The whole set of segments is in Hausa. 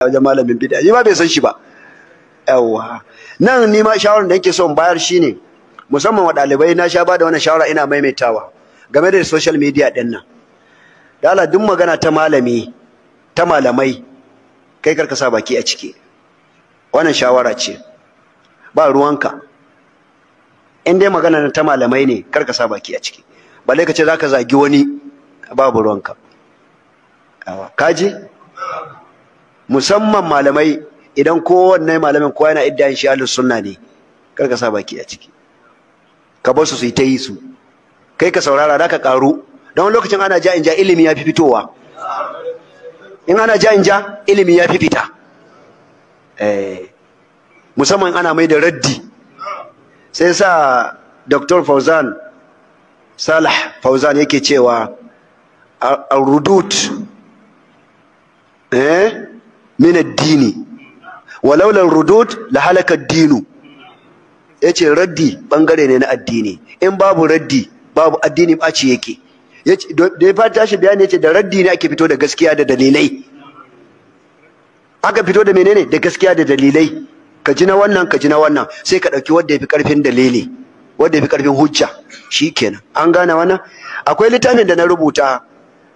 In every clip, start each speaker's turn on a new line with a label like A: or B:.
A: wajen malamin bid'a shi ma bai san shi ba Yawwa. nan ni ma shawarar da yake so in bayar shine musamman wa ɗalibai na sha bada wannan shawara ina maimaitawa game da social media din nan da Allah duk magana ta malami ta malamai kai karka sa baki a ciki wannan shawara ce ba ruwanka in dai magana ta malamai ne karka sa baki a ciki balle ka ce zaka zagi wani babu ruwanka kaji musamman malamai idan kowanne malamin kowa yana iddayin shi ahlus sunna ne kar ka sa baki a ciki ka bar su su yi ta yi su kai ka saurara da ka karu don lokacin ana ja in ja ilimi ya fi fitowa in ana ja in ja ilimi ya fi fita eh musamman ana mai da raddi sai sa Dr. Fauzan Salah Fauzan yake cewa al rudut. eh min addini walaula rudud la halaka dinu yace raddi bangare ne na addini in babu raddi babu addini ɓaci yake da ya fata tashi bayani yace da raddi ne ake fito da gaskiya da dalilai aka fito da menene da gaskiya da dalilai ka ji na wannan ka ji na wannan sai ka ɗauki wanda ya fi ƙarfin dalili wanda ya fi ƙarfin hujja shikenan an gane wannan akwai littafin da na rubuta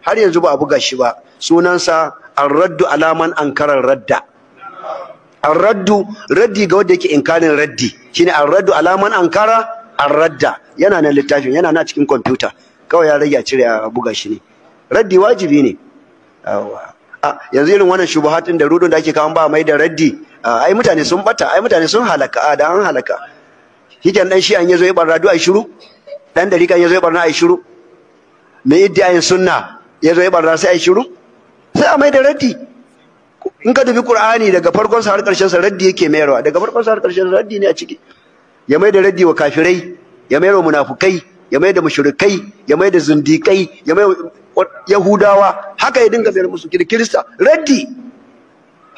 A: har yanzu ba a buga shi ba sunansa ar-raddu alaman ankarar radda ar-raddu raddi ga wanda yake inkarin raddi shine ar-raddu alaman ankara ar-radda yana nan littafin yana nan cikin kwamfuta kawai ya rage a cire a buga shi ne raddi wajibi ne yanzu irin wannan shubuhatin da rudun da ake kawo ba mai da raddi ai mutane sun bata ai mutane sun halaka a da an halaka hijan dan shi an yazo ya barra du ai shiru dan dari kan yazo ya barna ai shiru mai iddi ayin sunna ya zo ya barna sai a yi shiru sai a mai da raddi in ka tafi qur'ani daga farkon sa har karshen sa raddi yake mayarwa daga farkon sa har karshen sa raddi ne a ciki ya mai da raddi wa kafirai ya mai wa munafukai ya mai da mushrikai ya mai da zindikai ya mai yahudawa haka ya dinga mayar musu kirista raddi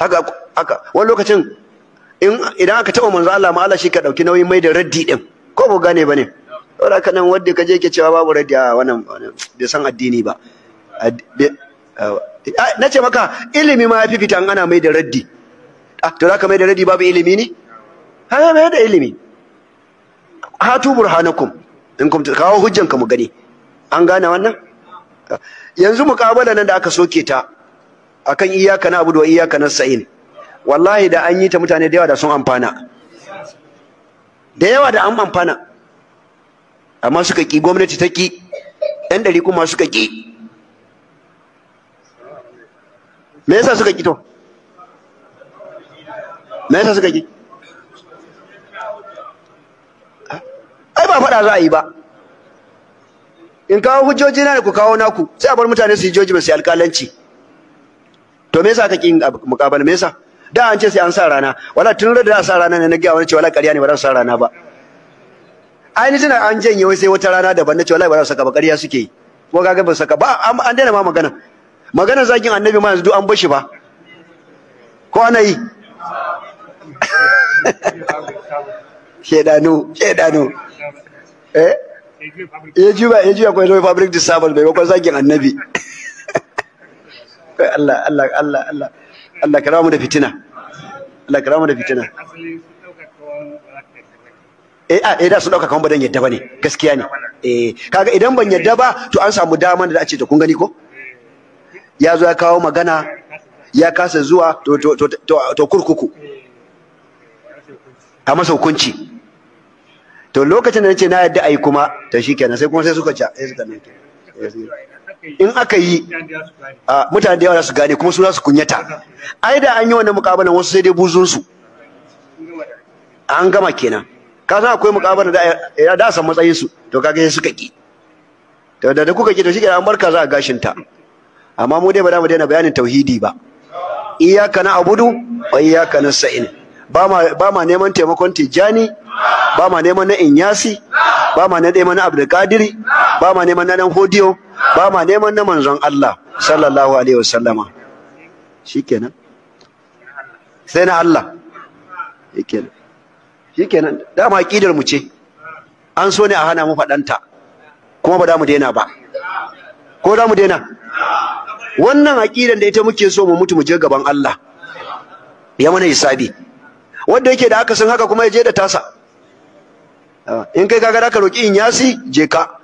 A: haka haka wani lokacin idan aka taɓa manzo Allah ma Allah shi ka ɗauki nauyin mai da raddi ɗin ko ba gane ba ne saboda haka nan wanda kaje yake cewa babu raddi a wannan bai san addini ba Uh, eh, na ce maka ilimi ma ya fi fita ana mai da raddi ah, to za ka mai da raddi babu ilimi ne ha mai da ilimi hatu burhanakum in kum kawo hujjan ka mu gani an gane wannan ah, yanzu muƙabala nan da aka soke ta akan iyaka na abudu wa iyyaka nasta'in wallahi da an yi ta mutane da yawa da sun amfana da yawa da an amfana amma suka ki gwamnati ta ki ɗan ɗari kuma suka ki me yasa suka kito me yasa suka ki ai ba faɗa za a yi ba in kawo hujjoji na ku kawo naku sai a bar mutane su yi joji ba su yi alƙalanci to me yasa ka ki muƙabala me yasa da an ce sai an sa rana wala tun da sa rana ne na gaya wani ce wala ƙarya ne ba za su sa rana ba ai ni tana an janye wai sai wata rana daban na ce wala ba za su saka ba ƙarya suke yi ko kaga ba saka ba an daina ma magana magana zakin annabi ma yanzu an bashi ba ko ana yi shedanu shedanu eh ya ji ba ya ji akwai zai fabric disable bai ko zakin annabi Allah Allah Allah Allah Allah karamu mu da fitina Allah karamu mu da fitina eh a eh da su dauka kan ba yadda bane gaskiya ne eh kaga idan ban yadda ba to an samu dama da a ce to kun gani ko ya zo ya kawo magana ya kasa zuwa to kurkuku a masa hukunci to lokacin da nace na yadda ayi kuma to shikenan sai kuma sai suka ca sai suka nake in aka yi mutane da yawa za su gane kuma su za su kunyata ai da an yi wannan mukabalan wasu sai dai buzun su an gama kenan ka san akwai mukabalan da da san matsayin su to kaga sai suka ki to da kuka ki to shikenan an barka za a gashin ta amma mu dai ba za mu daina bayanin tauhidi ba iyyaka Abudu wa iyyaka nasta'in ba ma ba ma neman taimakon tijani ba ma neman na inyasi ba ma neman na abdulkadiri ba ma neman na dan hodiyo ba ma neman na manzon Allah sallallahu alaihi wasallama shikenan sai na Allah shikenan shikenan dama aqidar mu ce an so ne a hana mu faɗanta kuma ba da mu daina ba ko da mu daina wannan aqidan da ita muke so mu mutu mu je gaban Allah ya mana hisabi wanda yake da aka san haka kuma ya je da tasa ah, in kai kaga ka roki in yasi je ka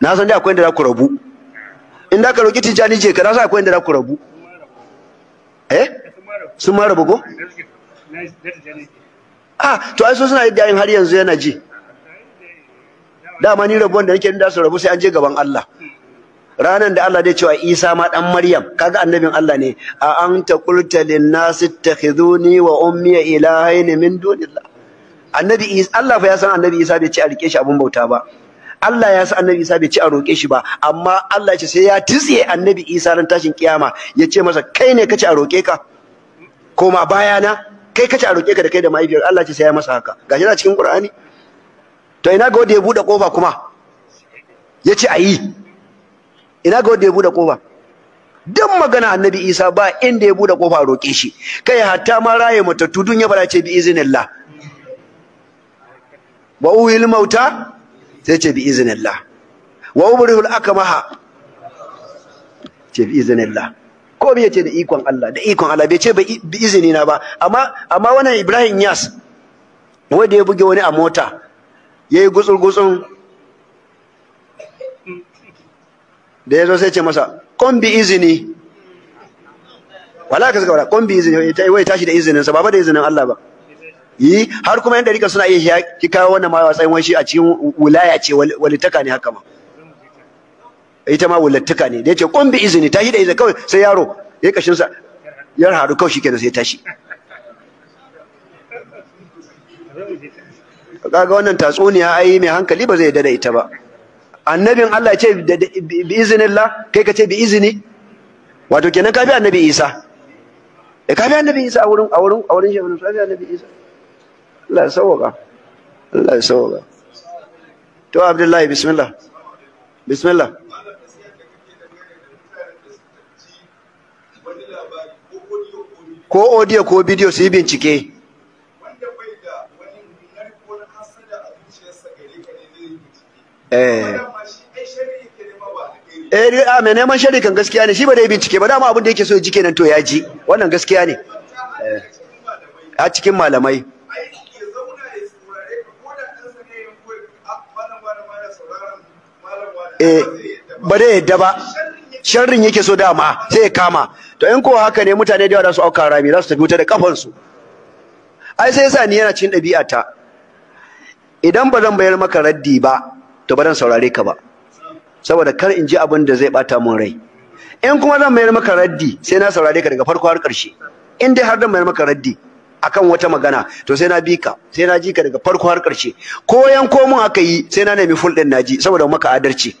A: na san dai akwai inda za ku rabu in da ka roki tijani je ka na san akwai inda za ku rabu eh sun ma rabu ko ah to ai so suna yadda har yanzu yana ji dama ni rabuwan da nake da su rabu sai an je gaban Allah ranan da Allah zai cewa Isa ma dan Maryam kaga annabin Allah ne a an qulta lin nas ittakhiduni wa ummi ilahaini min dunillah annabi Isa Allah fa ya san annabi Isa bai ci a rike shi abun bauta ba Allah ya san annabi Isa bai ci a roƙe shi ba amma Allah ya ce sai ya tsiye annabi Isa ran tashin kiyama ya ce masa kai ne kace a roƙe ka koma na kai kace a roƙe ka da kai da mahaifiyar Allah ya ce sai ya masa haka gashi na cikin Qur'ani to ina ga wanda ya bude kofa kuma yace ayi ina ga wanda ya bude kofa dan magana annabi isa ba inda ya bude kofa roƙe shi kai hatta ma raye matattu dun ya bara ce bi iznillah wa uhil mauta sai ce bi iznillah wa ubrihul akmaha ce bi iznillah ko bai ce da ikon Allah da ikon Allah bai ce bi na ba amma amma wannan Ibrahim Yas wanda ya buge wani a mota yayi gutsul gutsun da ya zo sai ce masa kon bi izini wala ka zaka kon bi izini wai tashi da izinin sa ba da izinin Allah ba yi har kuma yan dariƙa suna iya ki kawo wannan ma tsayin wani shi a cikin wulaya ce walitaka ne haka ma ita ma walitaka ne da yace kon bi izini tashi da izini kawai sai yaro ya kashin sa yar haru kawai shi kenan sai tashi kaga wannan tatsuniya ai mai hankali ba zai dada ita ba annabin Allah ya ce bi iznillah kai ka ce bi izini wato kenan ka bi annabi Isa eh ka bi annabi Isa a wurin a wurin a wurin shehu ka bi annabi Isa Allah ya sauka Allah ya sauka to Abdullahi bismillah bismillah ko audio ko video su yi bincike eh eh a ah, mai neman sharri kan gaskiya ne shi ba dai bincike ba dama abin da yake so ji kenan to ya ji wannan gaskiya ne eh. a cikin malamai eh ba dai yadda ba sharrin yake so dama sai ya kama to in ko haka ne mutane da yawa za su auka rami za su tafi wuta da kafansu ai sai yasa ni yana cin ɗabi'ata idan ba zan bayar maka raddi ba to ba dan saurare ka ba saboda kar in ji abin da zai bata mun rai in kuma zan mayar maka raddi sai na saurare ka daga farko har ƙarshe in dai har zan mayar maka raddi akan wata magana to sai na bi ka sai na ji ka daga farko har karshe ko yanko mun aka yi sai na nemi full din naji saboda maka adalci